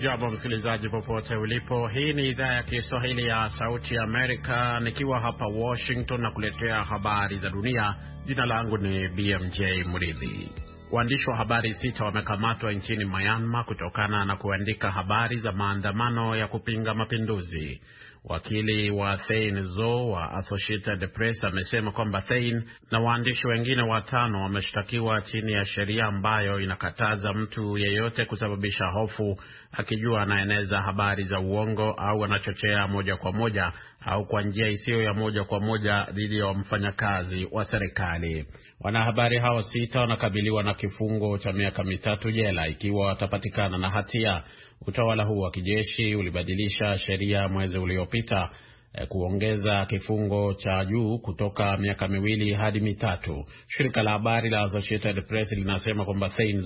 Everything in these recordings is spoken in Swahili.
Hujambo msikilizaji, popote ulipo. Hii ni idhaa ya Kiswahili ya Sauti ya Amerika, nikiwa hapa Washington na kuletea habari za dunia. Jina langu ni BMJ Mridhi. Waandishi wa habari sita wamekamatwa nchini Myanmar kutokana na kuandika habari za maandamano ya kupinga mapinduzi. Wakili wa Thein Zo wa Associated Press amesema kwamba Thein na waandishi wengine watano wameshtakiwa chini ya sheria ambayo inakataza mtu yeyote kusababisha hofu akijua anaeneza habari za uongo au anachochea moja kwa moja au kwa njia isiyo ya moja kwa moja dhidi ya mfanyakazi wa serikali. Wanahabari hao sita wanakabiliwa na kifungo cha miaka mitatu jela ikiwa watapatikana na hatia. Utawala huu wa kijeshi ulibadilisha sheria mwezi uliopita eh, kuongeza kifungo cha juu kutoka miaka miwili hadi mitatu. Shirika la habari la Associated Press linasema kwamba Thein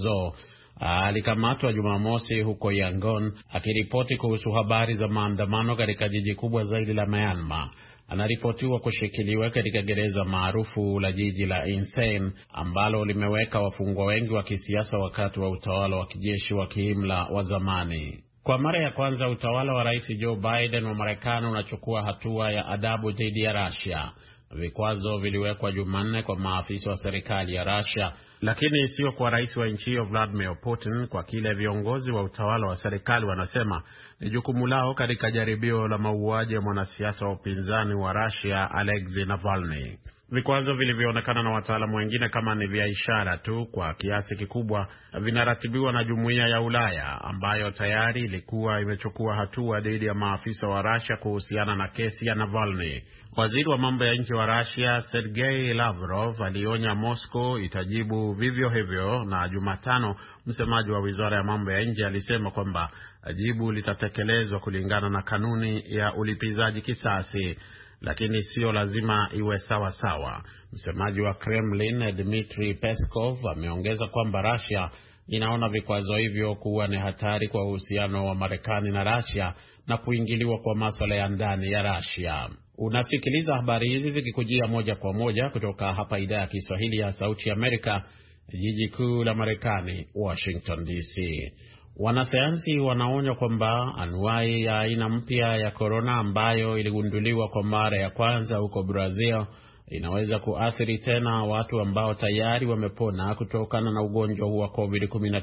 alikamatwa Jumamosi huko Yangon akiripoti kuhusu habari za maandamano katika jiji kubwa zaidi la Myanmar. Anaripotiwa kushikiliwa katika gereza maarufu la jiji la Insein ambalo limeweka wafungwa wengi wa kisiasa wakati wa utawala wa kijeshi wa kiimla wa zamani. Kwa mara ya kwanza utawala wa rais Joe Biden wa Marekani unachukua hatua ya adabu dhidi ya Russia. Vikwazo viliwekwa Jumanne kwa maafisa wa serikali ya Russia lakini sio kwa rais wa nchi hiyo Vladimir Putin, kwa kile viongozi wa utawala wa serikali wanasema ni jukumu lao katika jaribio la mauaji ya mwanasiasa wa upinzani wa Russia Alexei Navalny. Vikwazo vilivyoonekana na wataalamu wengine kama ni vya ishara tu, kwa kiasi kikubwa vinaratibiwa na jumuiya ya Ulaya ambayo tayari ilikuwa imechukua hatua dhidi ya maafisa wa rasia kuhusiana na kesi ya Navalny. Waziri wa mambo ya nje wa Rasia Sergei Lavrov alionya Moscow itajibu vivyo hivyo, na Jumatano msemaji wa wizara ya mambo ya nje alisema kwamba jibu litatekelezwa kulingana na kanuni ya ulipizaji kisasi lakini siyo lazima iwe sawa sawa. Msemaji wa Kremlin Dmitri Peskov ameongeza kwamba Russia inaona vikwazo hivyo kuwa ni hatari kwa uhusiano wa Marekani na Russia na kuingiliwa kwa maswala ya ndani ya Russia. Unasikiliza habari hizi zikikujia moja kwa moja kutoka hapa idhaa ya Kiswahili ya Sauti Amerika, jiji kuu la Marekani, Washington DC. Wanasayansi wanaonya kwamba anuai ya aina mpya ya korona ambayo iligunduliwa kwa mara ya kwanza huko Brazil inaweza kuathiri tena watu ambao tayari wamepona kutokana na ugonjwa huu wa COVID-19.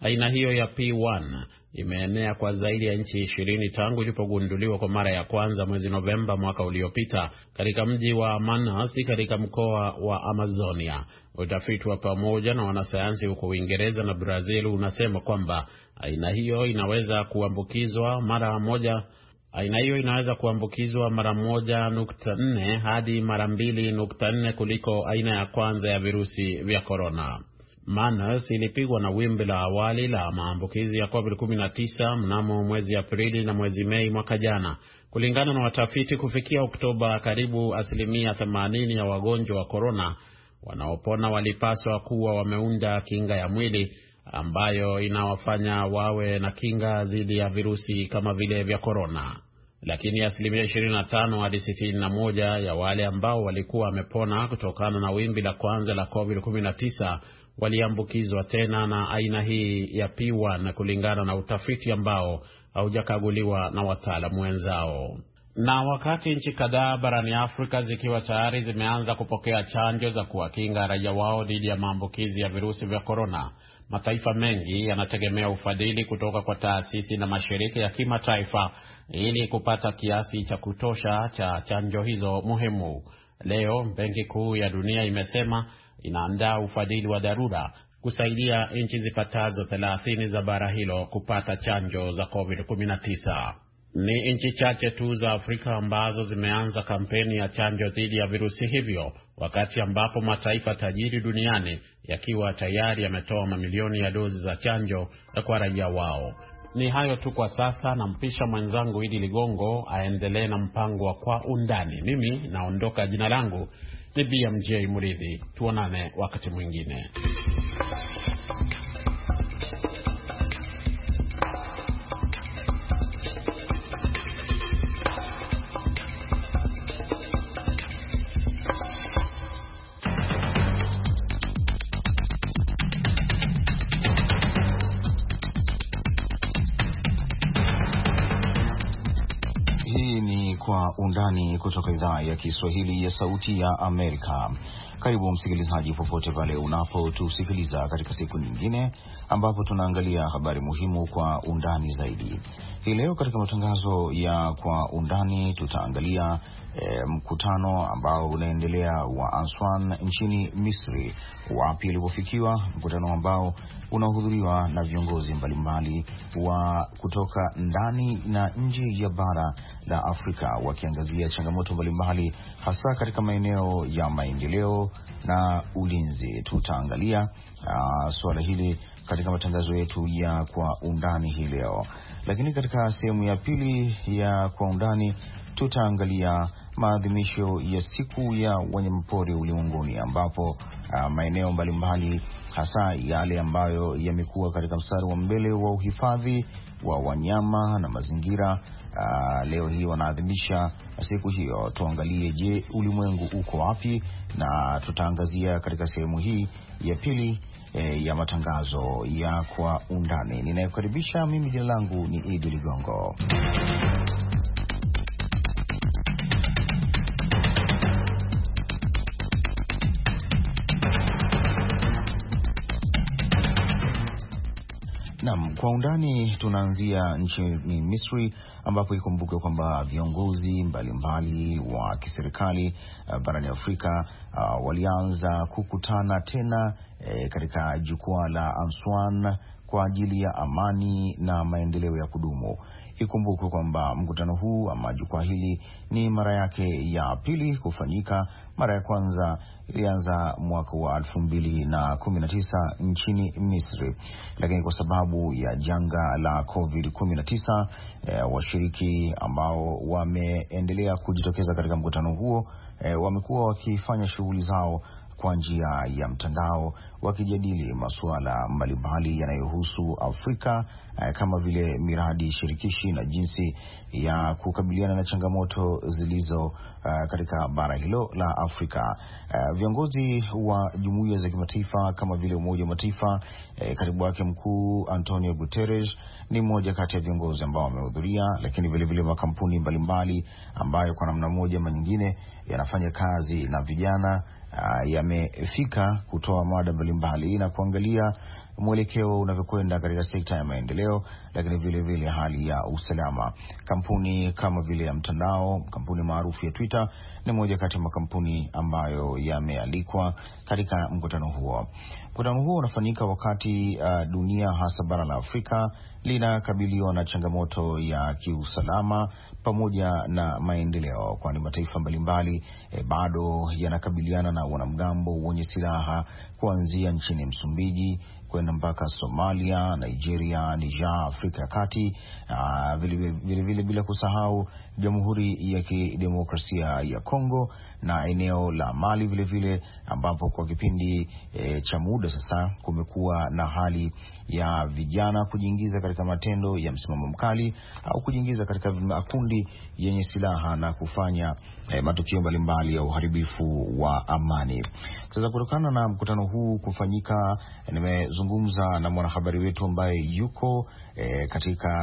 Aina hiyo ya P1 imeenea kwa zaidi ya nchi ishirini tangu ilipogunduliwa kwa mara ya kwanza mwezi Novemba mwaka uliopita katika mji wa Manaus katika mkoa wa Amazonia. Utafiti wa pamoja na wanasayansi huko Uingereza na Brazil unasema kwamba aina hiyo inaweza kuambukizwa mara moja Aina hiyo inaweza kuambukizwa mara moja nukta nne hadi mara mbili nukta nne kuliko aina ya kwanza ya virusi vya korona. manus ilipigwa na wimbi la awali la maambukizi ya COVID-19 mnamo mwezi Aprili na mwezi Mei mwaka jana. Kulingana na watafiti, kufikia Oktoba, karibu asilimia 80 ya wagonjwa wa korona wanaopona walipaswa kuwa wameunda kinga ya mwili ambayo inawafanya wawe na kinga dhidi ya virusi kama vile vya korona, lakini asilimia 25 hadi 61 ya wale ambao walikuwa wamepona kutokana na wimbi la kwanza la COVID-19 waliambukizwa tena na aina hii ya P1 kulingana na utafiti ambao haujakaguliwa na wataalamu wenzao. Na wakati nchi kadhaa barani Afrika zikiwa tayari zimeanza kupokea chanjo za kuwakinga raia wao dhidi ya maambukizi ya virusi vya korona, mataifa mengi yanategemea ufadhili kutoka kwa taasisi na mashirika ya kimataifa ili kupata kiasi cha kutosha cha chanjo hizo muhimu. Leo Benki Kuu ya Dunia imesema inaandaa ufadhili wa dharura kusaidia nchi zipatazo 30 za bara hilo kupata chanjo za COVID-19. Ni nchi chache tu za Afrika ambazo zimeanza kampeni ya chanjo dhidi ya virusi hivyo, wakati ambapo mataifa tajiri duniani yakiwa tayari yametoa mamilioni ya dozi za chanjo kwa raia wao. Ni hayo tu kwa sasa, nampisha mwenzangu Idi Ligongo aendelee na mpango wa Kwa Undani. Mimi naondoka, jina langu ni BMJ Muridhi. Tuonane wakati mwingine. kutoka idhaa ya Kiswahili ya Sauti ya Amerika. Karibu msikilizaji, popote pale unapotusikiliza katika siku nyingine ambapo tunaangalia habari muhimu kwa undani zaidi. Hii leo katika matangazo ya kwa undani tutaangalia e, mkutano ambao unaendelea wa Aswan nchini Misri, wapi ilipofikiwa, mkutano ambao unahudhuriwa na viongozi mbalimbali wa kutoka ndani na nje ya bara la Afrika wakiangazia changamoto mbalimbali, hasa katika maeneo ya maendeleo na ulinzi. Tutaangalia ah, suala hili katika matangazo yetu ya kwa undani hii leo, lakini katika sehemu ya pili ya kwa undani tutaangalia maadhimisho ya siku ya wanyamapori ulimwenguni ambapo uh, maeneo mbalimbali hasa yale ambayo yamekuwa katika mstari wa mbele wa uhifadhi wa wanyama na mazingira uh, leo hii wanaadhimisha siku hiyo. Tuangalie, je, ulimwengu uko wapi? Na tutaangazia katika sehemu hii ya pili eh, ya matangazo ya kwa undani. Ninayekukaribisha mimi, jina langu ni Idi Ligongo. Naam, kwa undani tunaanzia nchini Misri ambapo ikumbukwe kwamba viongozi mbalimbali wa kiserikali uh, barani Afrika uh, walianza kukutana tena eh, katika jukwaa la answan kwa ajili ya amani na maendeleo ya kudumu. Ikumbukwe kwamba mkutano huu ama jukwaa hili ni mara yake ya pili kufanyika. Mara ya kwanza ilianza mwaka wa elfu mbili na kumi na tisa nchini Misri, lakini kwa sababu ya janga la Covid kumi na tisa e, washiriki ambao wameendelea kujitokeza katika mkutano huo e, wamekuwa wakifanya shughuli zao kwa njia ya mtandao wakijadili masuala mbalimbali yanayohusu Afrika eh, kama vile miradi shirikishi na jinsi ya kukabiliana na changamoto zilizo uh, katika bara hilo la Afrika. Uh, viongozi wa jumuiya za kimataifa kama vile Umoja wa Mataifa, eh, katibu wake mkuu Antonio Guterres ni mmoja kati ya viongozi ambao wamehudhuria, lakini vilevile makampuni mbalimbali ambayo kwa namna moja ama nyingine yanafanya kazi na vijana Ah, yamefika kutoa mada mbalimbali na kuangalia mwelekeo unavyokwenda katika sekta ya maendeleo, lakini vilevile vile hali ya usalama. Kampuni kama vile ya mtandao, kampuni maarufu ya Twitter ni moja kati ya makampuni ambayo yamealikwa katika mkutano huo. Mkutano huo unafanyika wakati uh, dunia hasa bara la Afrika linakabiliwa na changamoto ya kiusalama pamoja na maendeleo, kwani mataifa mbalimbali e, bado yanakabiliana na wanamgambo wenye silaha kuanzia nchini Msumbiji kwenda mpaka Somalia, Nigeria, Niger, Afrika ya Kati, vilevile bila kusahau Jamhuri ya Kidemokrasia ya Kongo na eneo la Mali vilevile vile, ambapo kwa kipindi e, cha muda sasa kumekuwa na hali ya vijana kujiingiza katika matendo ya msimamo mkali au kujiingiza katika makundi yenye silaha na kufanya e, matukio mbalimbali ya uharibifu wa amani. Sasa kutokana na mkutano huu kufanyika nime kuzungumza na mwanahabari wetu ambaye yuko e, katika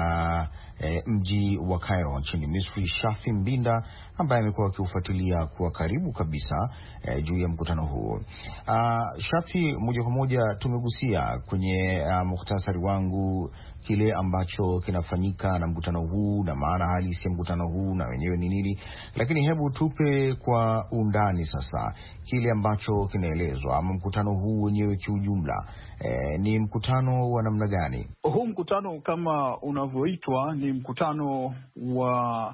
e, mji wa Cairo nchini Misri, Shafi Mbinda ambaye amekuwa akiufuatilia kwa karibu kabisa e, juu ya mkutano huo. Ah, Shafi, moja kwa moja tumegusia kwenye ah, muhtasari wangu kile ambacho kinafanyika na mkutano huu na maana halisi ya mkutano huu na wenyewe ni nini, lakini hebu tupe kwa undani sasa kile ambacho kinaelezwa ama mkutano huu wenyewe kiujumla, e, ni mkutano wa namna gani huu? Mkutano kama unavyoitwa ni mkutano wa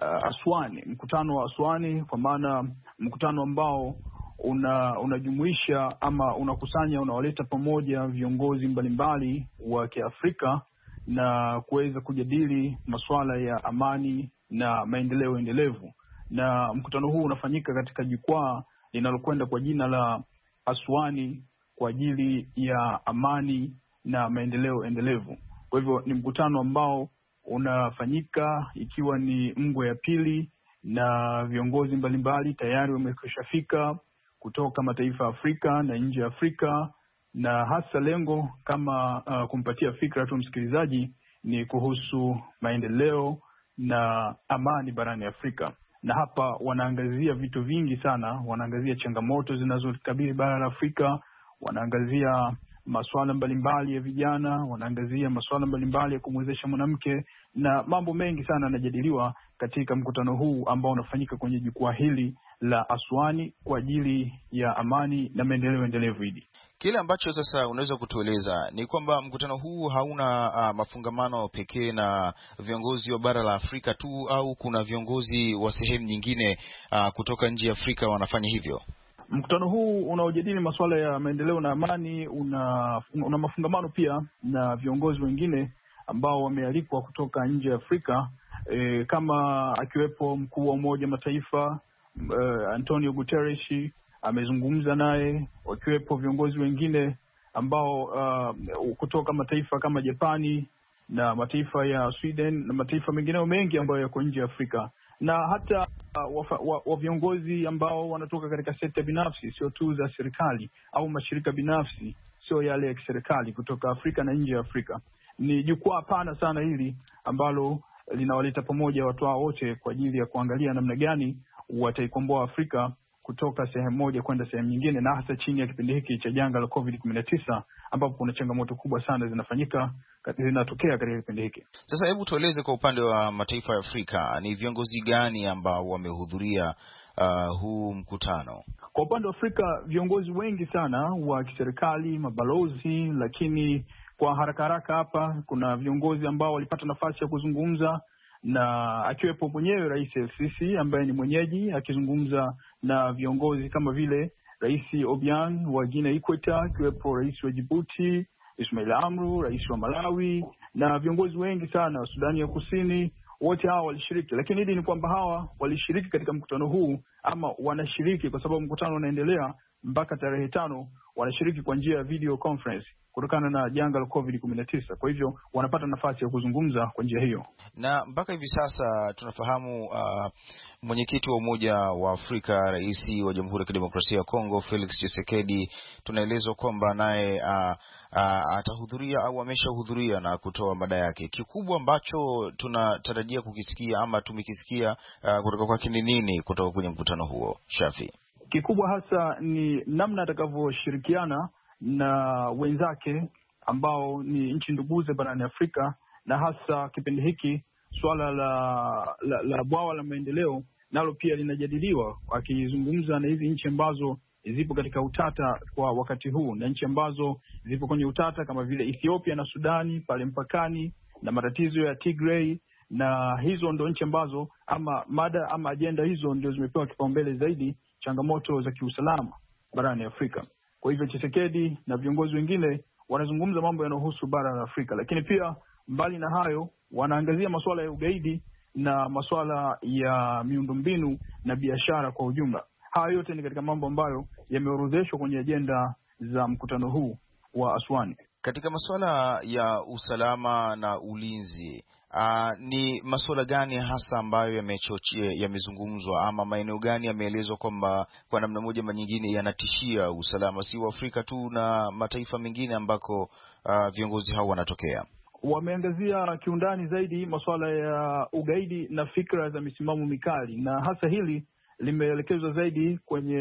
uh, Aswani, mkutano wa Aswani, kwa maana mkutano ambao una unajumuisha ama unakusanya unawaleta pamoja viongozi mbalimbali wa Kiafrika na kuweza kujadili masuala ya amani na maendeleo endelevu, na mkutano huu unafanyika katika jukwaa linalokwenda kwa jina la Aswani kwa ajili ya amani na maendeleo endelevu. Kwa hivyo ni mkutano ambao unafanyika ikiwa ni mgwe ya pili, na viongozi mbalimbali tayari wamekwishafika kutoka mataifa ya Afrika na nje ya Afrika, na hasa lengo kama uh, kumpatia fikra tu msikilizaji ni kuhusu maendeleo na amani barani Afrika, na hapa wanaangazia vitu vingi sana. Wanaangazia changamoto zinazokabili bara la Afrika, wanaangazia masuala mbalimbali ya vijana, wanaangazia masuala mbalimbali ya kumwezesha mwanamke na mambo mengi sana yanajadiliwa katika mkutano huu ambao unafanyika kwenye jukwaa hili la Aswani kwa ajili ya amani na maendeleo endelevu. Hidi kile ambacho sasa unaweza kutueleza ni kwamba mkutano huu hauna uh, mafungamano pekee na viongozi wa bara la Afrika tu au kuna viongozi wa sehemu nyingine uh, kutoka nje ya Afrika wanafanya hivyo? Mkutano huu unaojadili masuala ya maendeleo na amani una, una mafungamano pia na viongozi wengine ambao wamealikwa kutoka nje ya Afrika e, kama akiwepo mkuu wa Umoja Mataifa e, Antonio Guterres amezungumza naye, wakiwepo viongozi wengine ambao uh, kutoka mataifa kama Japani na mataifa ya Sweden na mataifa mengineo mengi ambayo yako nje ya Afrika na hata uh, wa viongozi ambao wanatoka katika sekta binafsi, sio tu za serikali au mashirika binafsi, sio yale ya kiserikali, kutoka Afrika na nje ya Afrika. Ni jukwaa pana sana hili ambalo linawaleta pamoja watu hao wote kwa ajili ya kuangalia namna gani wataikomboa Afrika kutoka sehemu moja kwenda sehemu nyingine, na hasa chini ya kipindi hiki cha janga la COVID kumi na tisa ambapo kuna changamoto kubwa sana zinafanyika zinatokea katika kipindi hiki. Sasa hebu tueleze kwa upande wa mataifa ya Afrika ni viongozi gani ambao wamehudhuria uh, huu mkutano? Kwa upande wa Afrika viongozi wengi sana wa kiserikali, mabalozi, lakini kwa haraka haraka hapa kuna viongozi ambao walipata nafasi ya kuzungumza na akiwepo mwenyewe Rais el ambaye ni mwenyeji akizungumza na viongozi kama vile Rais Obiang wa Guinea Equator, akiwepo rais wa Jibuti Ismail Amru, rais wa Malawi na viongozi wengi sana wa Sudani ya Kusini. Wote hawa walishiriki, lakini hili ni kwamba hawa walishiriki katika mkutano huu ama wanashiriki kwa sababu mkutano unaendelea mpaka tarehe tano, wanashiriki kwa njia ya video conference kutokana na janga la Covid kumi na tisa. Kwa hivyo wanapata nafasi ya kuzungumza kwa njia hiyo, na mpaka hivi sasa tunafahamu uh, mwenyekiti wa Umoja wa Afrika, rais wa Jamhuri ya Kidemokrasia ya Kongo Felix Tshisekedi, tunaelezwa kwamba naye uh, uh, atahudhuria au ameshahudhuria na kutoa mada yake. Kikubwa ambacho tunatarajia kukisikia ama tumekisikia uh, kutoka kwake ni nini kutoka kwenye mkutano huo, Shafi? Kikubwa hasa ni namna atakavyoshirikiana na wenzake ambao ni nchi nduguze barani Afrika, na hasa kipindi hiki suala la, la, la bwawa la maendeleo nalo pia linajadiliwa, akizungumza na hizi nchi ambazo zipo katika utata kwa wakati huu na nchi ambazo zipo kwenye utata kama vile Ethiopia na Sudani pale mpakani na matatizo ya Tigray, na hizo ndo nchi ambazo ama mada ama ajenda hizo ndio zimepewa kipaumbele zaidi, changamoto za kiusalama barani Afrika. Kwa hivyo Chisekedi na viongozi wengine wanazungumza mambo yanayohusu bara la Afrika, lakini pia mbali na hayo wanaangazia masuala ya ugaidi na masuala ya miundombinu na biashara kwa ujumla. Haya yote ni katika mambo ambayo yameorodheshwa kwenye ajenda za mkutano huu wa Aswani. Katika masuala ya usalama na ulinzi, Uh, ni masuala gani hasa ambayo yamechochea yamezungumzwa ama maeneo gani yameelezwa kwamba kwa namna moja ama nyingine yanatishia usalama si wa Afrika tu na mataifa mengine ambako uh, viongozi hao wanatokea? Wameangazia kiundani zaidi masuala ya ugaidi na fikra za misimamo mikali, na hasa hili limeelekezwa zaidi kwenye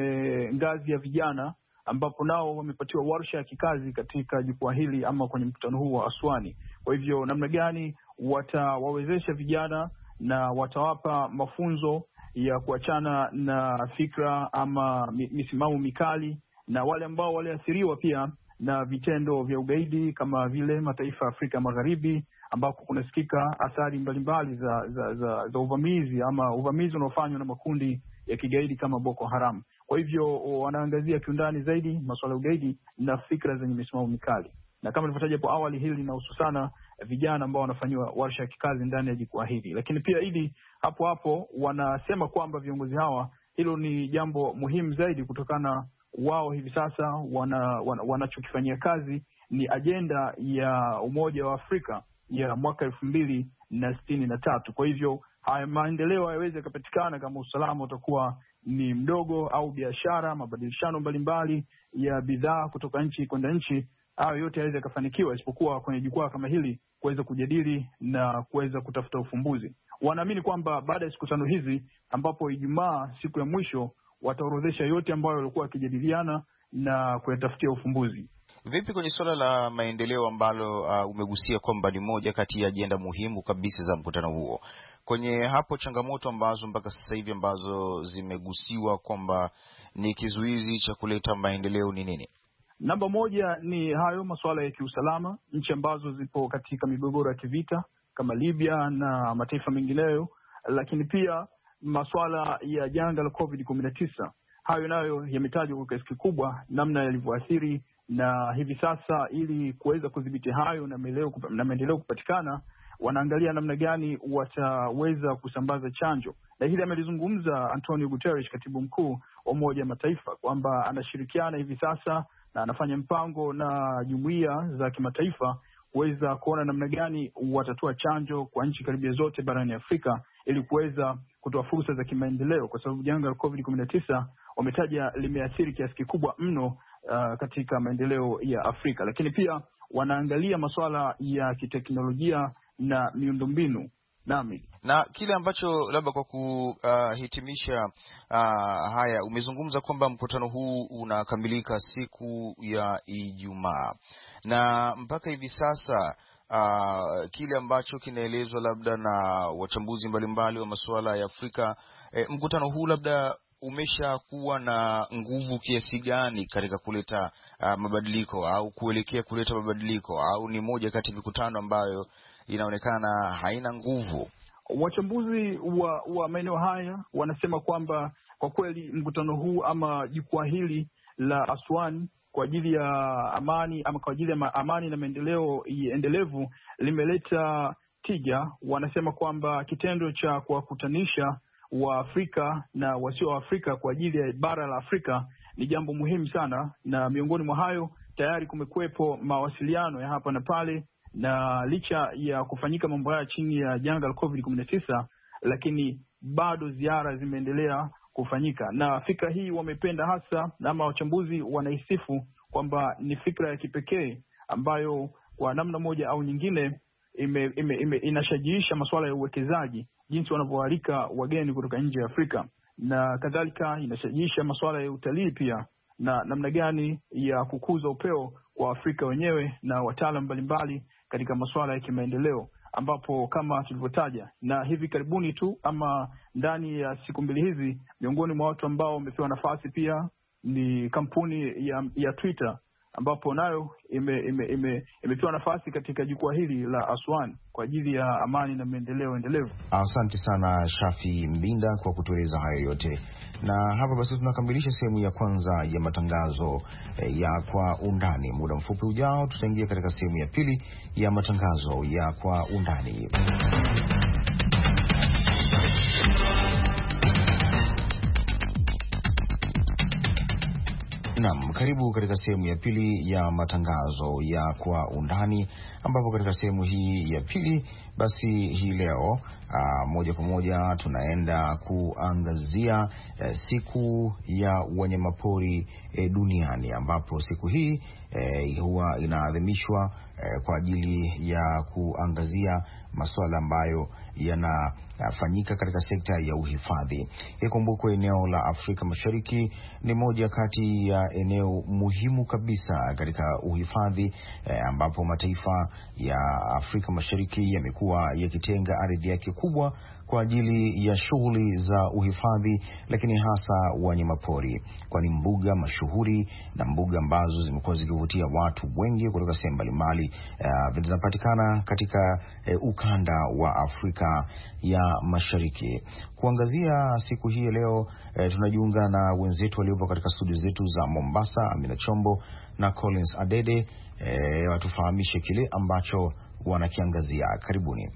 ngazi ya vijana ambapo nao wamepatiwa warsha ya kikazi katika jukwaa hili ama kwenye mkutano huu wa Aswani. Kwa hivyo namna gani watawawezesha vijana na watawapa mafunzo ya kuachana na fikra ama misimamo mikali na wale ambao waliathiriwa pia na vitendo vya ugaidi kama vile mataifa ya Afrika Magharibi ambako kunasikika athari mbalimbali za, za, za, za uvamizi ama uvamizi unaofanywa na makundi ya kigaidi kama Boko Haram. Kwa hivyo wanaangazia kiundani zaidi masuala ya ugaidi na fikra zenye misimamo mikali, na kama nilivyotaja hapo awali, hili linahusu sana eh, vijana ambao wanafanyiwa warsha ya kikazi ndani ya jukwaa hili. Lakini pia hili hapo hapo wanasema kwamba viongozi hawa, hilo ni jambo muhimu zaidi kutokana wao hivi sasa wanachokifanyia wana, wanachokifanyia kazi ni ajenda ya Umoja wa Afrika ya mwaka elfu mbili na sitini na tatu. Kwa hivyo haya maendeleo hayawezi yakapatikana kama usalama utakuwa ni mdogo, au biashara, mabadilishano mbalimbali ya bidhaa kutoka nchi kwenda nchi, hayo yote yaweze yakafanikiwa, isipokuwa kwenye jukwaa kama hili kuweza kujadili na kuweza kutafuta ufumbuzi. Wanaamini kwamba baada ya siku tano hizi, ambapo Ijumaa siku ya mwisho, wataorodhesha yote ambayo walikuwa wakijadiliana na kuyatafutia ufumbuzi. Vipi kwenye suala la maendeleo ambalo uh, umegusia kwamba ni moja kati ya ajenda muhimu kabisa za mkutano huo, kwenye hapo changamoto ambazo mpaka sasa hivi ambazo zimegusiwa kwamba ni kizuizi cha kuleta maendeleo ni nini? Namba moja ni hayo masuala ya kiusalama. Nchi ambazo zipo katika migogoro ya kivita kama Libya na mataifa mengineyo, lakini pia masuala ya janga la Covid kumi na tisa, hayo nayo yametajwa kwa kiasi kikubwa namna yalivyoathiri, na hivi sasa ili kuweza kudhibiti hayo na maendeleo kupatikana wanaangalia namna gani wataweza kusambaza chanjo, na hili amelizungumza Antonio Guterres, katibu mkuu wa Umoja wa Mataifa, kwamba anashirikiana hivi sasa na anafanya mpango na jumuiya za kimataifa kuweza kuona namna gani watatoa chanjo kwa nchi karibia zote barani Afrika ili kuweza kutoa fursa za kimaendeleo, kwa sababu janga la Covid kumi na tisa wametaja limeathiri kiasi kikubwa mno uh, katika maendeleo ya Afrika, lakini pia wanaangalia masuala ya kiteknolojia na miundombinu nami na kile ambacho labda kwa kuhitimisha uh, uh, haya umezungumza kwamba mkutano huu unakamilika siku ya Ijumaa na mpaka hivi sasa uh, kile ambacho kinaelezwa labda na wachambuzi mbalimbali mbali wa masuala ya Afrika eh, mkutano huu labda umeshakuwa na nguvu kiasi gani katika kuleta uh, mabadiliko au kuelekea kuleta mabadiliko au ni moja kati ya mikutano ambayo inaonekana haina nguvu? Wachambuzi wa, wa maeneo haya wanasema kwamba kwa kweli mkutano huu ama jukwaa hili la aswan kwa ajili ya amani ama kwa ajili ya amani na maendeleo endelevu limeleta tija. Wanasema kwamba kitendo cha kuwakutanisha wa Afrika na wasio wa Afrika kwa ajili ya bara la Afrika ni jambo muhimu sana, na miongoni mwa hayo tayari kumekuwepo mawasiliano ya hapa na pale, na licha ya kufanyika mambo haya chini ya janga la Covid kumi na tisa, lakini bado ziara zimeendelea kufanyika, na fikra hii wamependa hasa, ama wachambuzi wanaisifu kwamba ni fikra ya kipekee ambayo kwa namna moja au nyingine ime, ime, ime, inashajiisha masuala ya uwekezaji jinsi wanavyoalika wageni kutoka nje ya Afrika na kadhalika, inashajiisha masuala ya utalii pia na namna gani ya kukuza upeo kwa Afrika wenyewe na wataalam mbalimbali katika masuala ya kimaendeleo, ambapo kama tulivyotaja na hivi karibuni tu ama ndani ya siku mbili hizi, miongoni mwa watu ambao wamepewa nafasi pia ni kampuni ya, ya Twitter ambapo nayo imepewa ime, ime, ime nafasi katika jukwaa hili la Aswan kwa ajili ya amani na maendeleo endelevu. Asante sana Shafi Mbinda kwa kutueleza hayo yote, na hapa basi tunakamilisha sehemu ya kwanza ya matangazo eh, ya kwa undani. Muda mfupi ujao, tutaingia katika sehemu ya pili ya matangazo ya kwa undani. Naam, karibu katika sehemu ya pili ya matangazo ya kwa undani, ambapo katika sehemu hii ya pili basi hii leo aa, ah, moja kwa moja tunaenda kuangazia e, siku ya wanyamapori e, duniani ambapo siku hii e, huwa inaadhimishwa e, kwa ajili ya kuangazia masuala ambayo yanafanyika katika sekta ya uhifadhi. Ikumbukwe eneo la Afrika Mashariki ni moja kati ya eneo muhimu kabisa katika uhifadhi e, ambapo mataifa ya Afrika Mashariki yamekuwa yakitenga ardhi yake kubwa kwa ajili ya shughuli za uhifadhi, lakini hasa wanyamapori, kwani mbuga mashuhuri na mbuga ambazo zimekuwa zikivutia watu wengi kutoka sehemu mbalimbali uh, eh, zinapatikana katika uh, ukanda wa Afrika ya Mashariki. Kuangazia siku hii leo, uh, tunajiunga na wenzetu waliopo katika studio zetu za Mombasa, Amina Chombo na Collins Adede, uh, watufahamishe kile ambacho wanakiangazia. Karibuni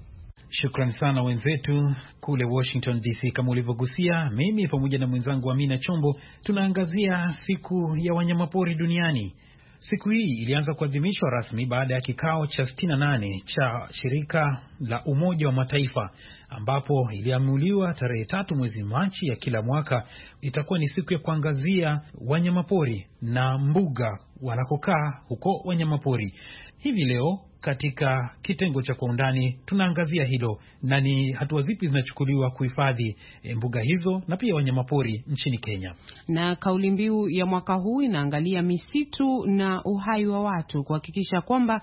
shukran sana wenzetu kule Washington DC. Kama ulivyogusia, mimi pamoja na mwenzangu Amina Chombo tunaangazia siku ya wanyamapori duniani. Siku hii ilianza kuadhimishwa rasmi baada ya kikao cha 68 cha shirika la Umoja wa Mataifa, ambapo iliamuliwa tarehe tatu mwezi Machi ya kila mwaka itakuwa ni siku ya kuangazia wanyamapori na mbuga wanakokaa huko wanyamapori. Hivi leo katika kitengo cha kwa undani tunaangazia hilo na ni hatua zipi zinachukuliwa kuhifadhi eh, mbuga hizo na pia wanyamapori nchini Kenya. Na kauli mbiu ya mwaka huu inaangalia misitu na uhai wa watu, kuhakikisha kwamba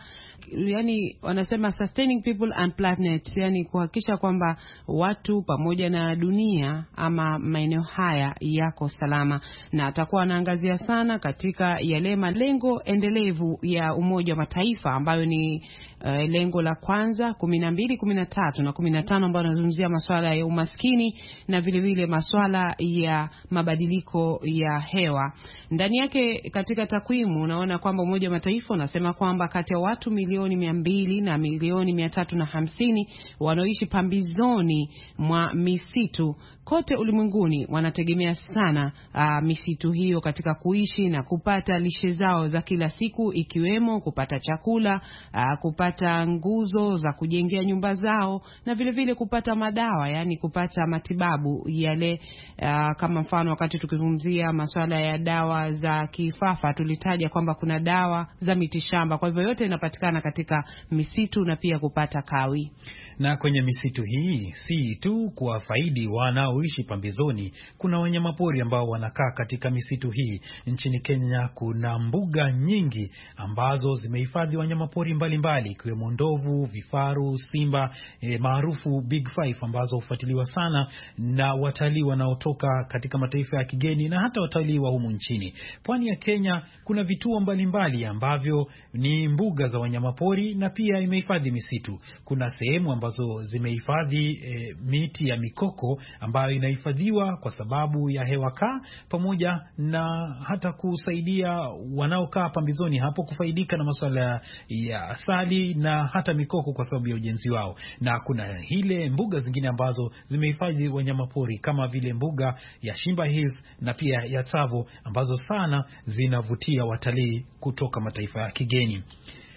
yani, wanasema sustaining people and planet, yani kuhakikisha kwamba watu pamoja na dunia ama maeneo haya yako salama, na atakuwa anaangazia sana katika yale malengo endelevu ya Umoja wa Mataifa ambayo ni uh, lengo la kwanza kumi na mbili kumi na tatu na kumi na tano ambayo anazungumzia masuala ya umaskini na vilevile masuala ya mabadiliko ya hewa. Ndani yake katika takwimu unaona kwamba Umoja wa Mataifa unasema kwamba kati ya watu milioni mia mbili na milioni mia tatu na hamsini wanaoishi pambizoni mwa misitu kote ulimwenguni wanategemea sana a, ah, misitu hiyo katika kuishi na kupata lishe zao za kila siku, ikiwemo kupata chakula a, ah, kupata nguzo za kujengea nyumba zao na vilevile vile kupata madawa, yani kupata matibabu yale. A, ah, kama mfano wakati tukizungumzia masuala ya dawa za kifafa tulitaja kwamba kuna dawa za mitishamba, kwa hivyo yote inapatikana katika misitu na pia kupata kawi. Na kwenye misitu hii si tu kuwafaidi wanaoishi pambizoni, kuna wanyamapori ambao wanakaa katika misitu hii. Nchini Kenya kuna mbuga nyingi ambazo zimehifadhi wanyamapori mbalimbali ikiwemo ndovu, vifaru, simba e, maarufu Big Five ambazo hufuatiliwa sana na watalii wanaotoka katika mataifa ya kigeni na hata watalii wa humu nchini. Pwani ya Kenya kuna vituo mbalimbali mbali ambavyo ni mbuga za wanyamapori na pia imehifadhi misitu. Kuna sehemu ambazo zimehifadhi e, miti ya mikoko ambayo inahifadhiwa kwa sababu ya hewa kaa, pamoja na hata kusaidia wanaokaa pambizoni hapo kufaidika na masuala ya asali na hata mikoko kwa sababu ya ujenzi wao. Na kuna hile mbuga zingine ambazo zimehifadhi wanyamapori kama vile mbuga ya Shimba Hills na pia ya Tsavo ambazo sana zinavutia watalii kutoka mataifa ya kigeni.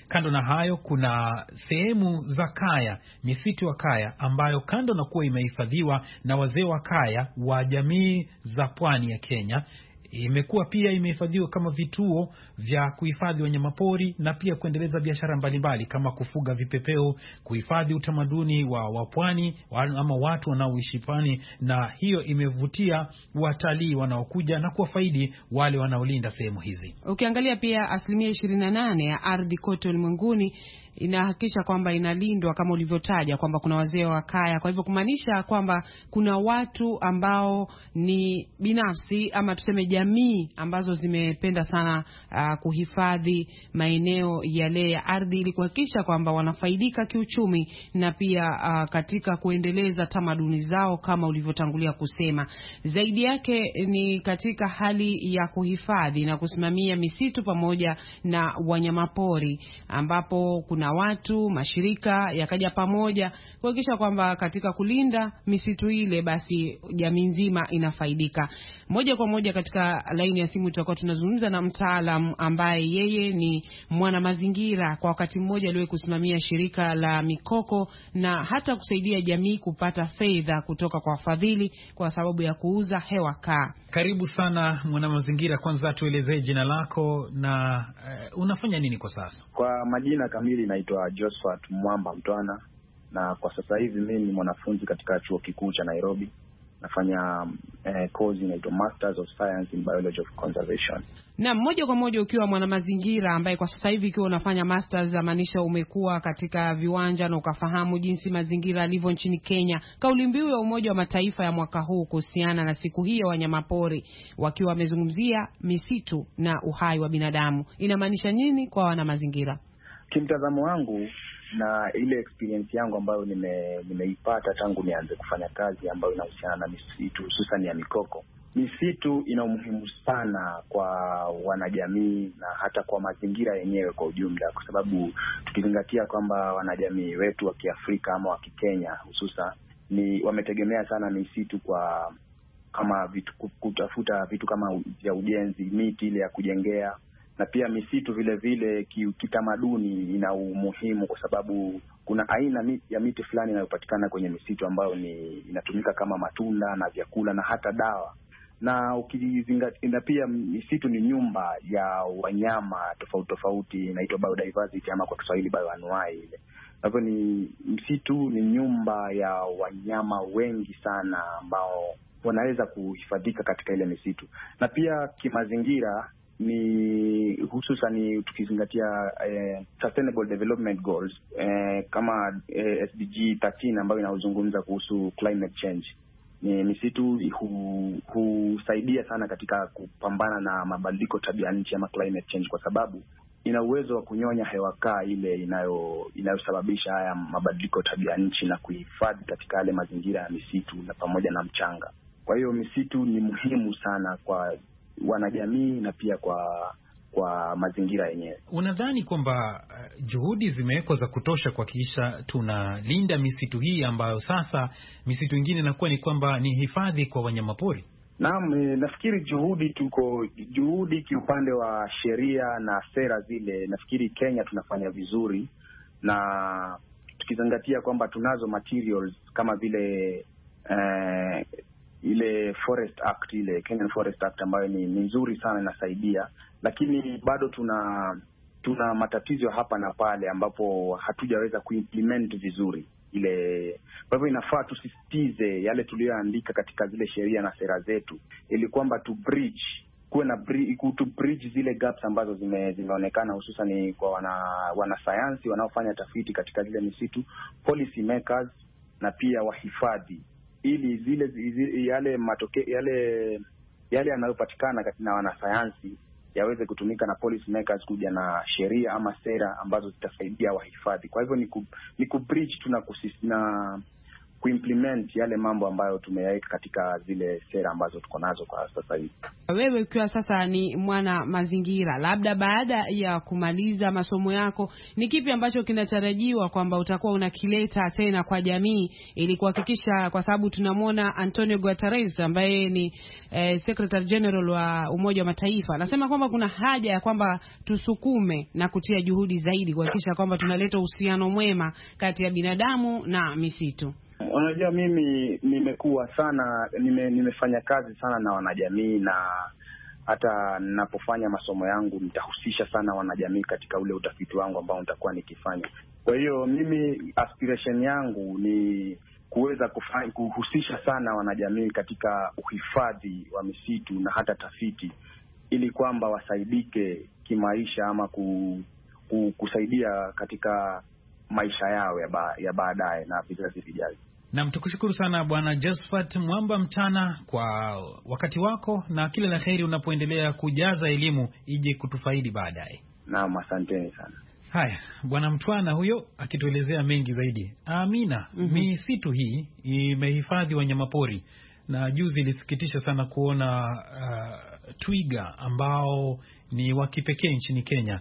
Kando na hayo, kuna sehemu za kaya, misitu ya kaya ambayo kando na kuwa imehifadhiwa na wazee wa kaya wa jamii za pwani ya Kenya, imekuwa pia imehifadhiwa kama vituo vya kuhifadhi wanyamapori na pia kuendeleza biashara mbalimbali kama kufuga vipepeo, kuhifadhi utamaduni wa wapwani ama watu wanaoishi pwani, na hiyo imevutia watalii wanaokuja na kuwafaidi wale wanaolinda sehemu hizi. Ukiangalia pia asilimia ishirini na nane ya ardhi kote ulimwenguni inahakikisha kwamba inalindwa kama ulivyotaja kwamba kuna wazee wa kaya. Kwa hivyo kumaanisha kwamba kuna watu ambao ni binafsi ama tuseme jamii ambazo zimependa sana uh, kuhifadhi maeneo yale ya ardhi ili kuhakikisha kwamba wanafaidika kiuchumi na pia uh, katika kuendeleza tamaduni zao kama ulivyotangulia kusema. Zaidi yake ni katika hali ya kuhifadhi na kusimamia misitu pamoja na wanyamapori ambapo kuna na watu mashirika yakaja pamoja kuhakikisha kwamba katika kulinda misitu ile, basi jamii nzima inafaidika moja kwa moja. Katika laini ya simu tutakuwa tunazungumza na mtaalam ambaye yeye ni mwanamazingira, kwa wakati mmoja aliwahi kusimamia shirika la mikoko na hata kusaidia jamii kupata fedha kutoka kwa wafadhili kwa sababu ya kuuza hewa kaa. Karibu sana mwanamazingira, kwanza tuelezee jina lako na uh, unafanya nini kwa sasa? Kwa majina kamili naitwa Josephat Mwamba Mtwana na kwa sasa hivi mimi ni mwanafunzi katika chuo kikuu cha Nairobi. Nafanya eh, course inaitwa Masters of Science in Biology of Conservation. Na moja kwa moja ukiwa mwanamazingira ambaye kwa sasa hivi ukiwa unafanya masters, maanisha umekuwa katika viwanja na ukafahamu jinsi mazingira yalivyo nchini Kenya. Kauli mbiu ya Umoja wa Mataifa ya mwaka huu kuhusiana na siku hii ya wanyamapori, wakiwa wamezungumzia misitu na uhai wa binadamu, inamaanisha nini kwa mazingira? Kimtazamo wangu na ile experience yangu ambayo nime, nimeipata tangu nianze kufanya kazi ambayo inahusiana na misitu hususan ya mikoko. Misitu ina umuhimu sana kwa wanajamii na hata kwa mazingira yenyewe kwa ujumla, kwa sababu tukizingatia kwamba wanajamii wetu wa Kiafrika ama wa Kikenya hususan ni wametegemea sana misitu kwa kama vitu, kutafuta vitu kama vya ujenzi, miti ile ya kujengea na pia misitu vile vile kitamaduni ina umuhimu kwa sababu kuna aina ya miti fulani inayopatikana kwenye misitu ambayo ni inatumika kama matunda na vyakula na hata dawa na ukizingatia, pia misitu ni nyumba ya wanyama tofauti tofauti, inaitwa biodiversity ama kwa Kiswahili bioanuai ile. Kwa hivyo ni msitu ni nyumba ya wanyama wengi sana ambao wanaweza kuhifadhika katika ile misitu, na pia kimazingira ni hususan hususani tukizingatia eh, sustainable development goals eh, kama eh, SDG 13 ambayo inazungumza kuhusu climate change. Ni misitu husaidia hu sana katika kupambana na mabadiliko tabia nchi ama climate change, kwa sababu ina uwezo wa kunyonya hewa kaa ile inayo inayosababisha haya mabadiliko tabia nchi na kuhifadhi katika yale mazingira ya misitu na pamoja na mchanga. Kwa hiyo misitu ni muhimu sana kwa wanajamii na pia kwa kwa mazingira yenyewe. Unadhani kwamba eh, juhudi zimewekwa za kutosha kuhakikisha tunalinda misitu hii ambayo sasa misitu ingine inakuwa ni kwamba ni hifadhi kwa wanyamapori? Naam, nafikiri juhudi tuko juhudi kiupande wa sheria na sera zile, nafikiri Kenya tunafanya vizuri, na tukizingatia kwamba tunazo materials kama vile eh, ile Forest Act ile Kenyan Forest Act ambayo ni nzuri sana, inasaidia lakini bado tuna tuna matatizo hapa na pale ambapo hatujaweza kuimplement vizuri ile. Kwa hivyo inafaa tusisitize yale tuliyoandika katika zile sheria na sera zetu, ili kwamba tu bridge kuwe na to bridge zile gaps ambazo zime, zimeonekana hususan kwa wana wanasayansi wanaofanya tafiti katika zile misitu, policy makers na pia wahifadhi, ili zile, zile yale matokeo yale yale yanayopatikana na wanasayansi yaweze kutumika na policy makers kuja na sheria ama sera ambazo zitasaidia wahifadhi. Kwa hivyo ni ku, ni ku bridge tu na kuimplement yale mambo ambayo tumeyaweka katika zile sera ambazo tuko nazo kwa sasa hivi. Wewe ukiwa sasa ni mwana mazingira, labda baada ya kumaliza masomo yako, ni kipi ambacho kinatarajiwa kwamba utakuwa unakileta tena kwa jamii ili kuhakikisha, kwa sababu tunamwona Antonio Guterres ambaye ni eh, Secretary General wa Umoja wa Mataifa anasema kwamba kuna haja ya kwamba tusukume na kutia juhudi zaidi kuhakikisha kwamba tunaleta uhusiano mwema kati ya binadamu na misitu. Unajua, mimi nimekuwa sana nime, nimefanya kazi sana na wanajamii na hata ninapofanya masomo yangu nitahusisha sana wanajamii katika ule utafiti wangu ambao nitakuwa nikifanya. Kwa hiyo mimi aspiration yangu ni kuweza kuhusisha sana wanajamii katika uhifadhi wa misitu na hata tafiti, ili kwamba wasaidike kimaisha ama ku, ku, kusaidia katika maisha yao ya baadaye na vizazi vijavyo. Nam, tukushukuru sana Bwana Josphat Mwamba Mtana kwa wakati wako na kila la heri unapoendelea kujaza elimu ije kutufaidi baadaye. Naam, asanteni sana. Haya, Bwana Mtwana huyo akituelezea mengi zaidi. Amina. mm -hmm. Misitu hii imehifadhi wanyamapori na juzi ilisikitisha sana kuona uh, twiga ambao ni wa kipekee nchini Kenya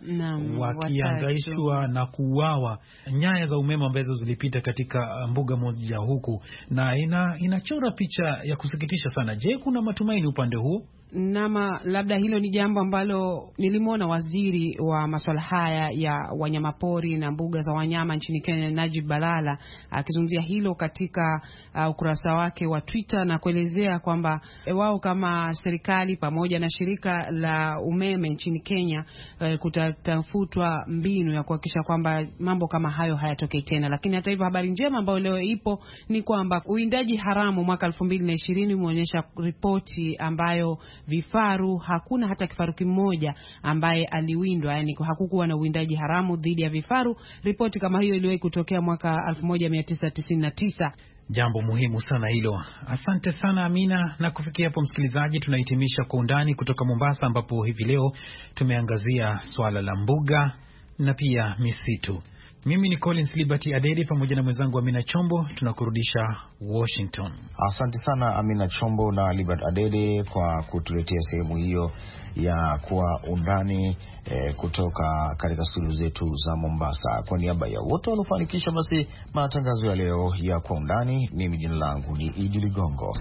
wakiangaishwa na kuuawa, nyaya za umeme ambazo zilipita katika uh, mbuga moja huku, na ina inachora picha ya kusikitisha sana. Je, kuna matumaini upande huu? Nama, labda hilo ni jambo ambalo nilimwona waziri wa masuala haya ya wanyamapori na mbuga za wanyama nchini Kenya, Najib Balala akizungumzia hilo katika uh, ukurasa wake wa Twitter na kuelezea kwamba eh, wao kama serikali pamoja na shirika la umeme nchini Kenya e, kutatafutwa mbinu ya kuhakikisha kwamba mambo kama hayo hayatokei tena. Lakini hata hivyo, habari njema ambayo leo ipo ni kwamba uwindaji haramu mwaka 2020 umeonyesha ripoti ambayo vifaru, hakuna hata kifaru kimoja ambaye aliwindwa, yani hakukuwa na uwindaji haramu dhidi ya vifaru. Ripoti kama hiyo iliwahi kutokea mwaka 1999. Jambo muhimu sana hilo. Asante sana Amina, na kufikia hapo msikilizaji, tunahitimisha Kwa Undani kutoka Mombasa, ambapo hivi leo tumeangazia swala la mbuga na pia misitu. Mimi ni Collins Liberty Adede pamoja na mwenzangu Amina Chombo, tunakurudisha Washington. Asante sana Amina Chombo na Liberty Adede kwa kutuletea sehemu hiyo ya kwa undani eh, kutoka katika studio zetu za Mombasa. Kwa niaba ya wote waliofanikisha basi matangazo ya leo ya kwa undani, mimi jina langu ni Idi Ligongo.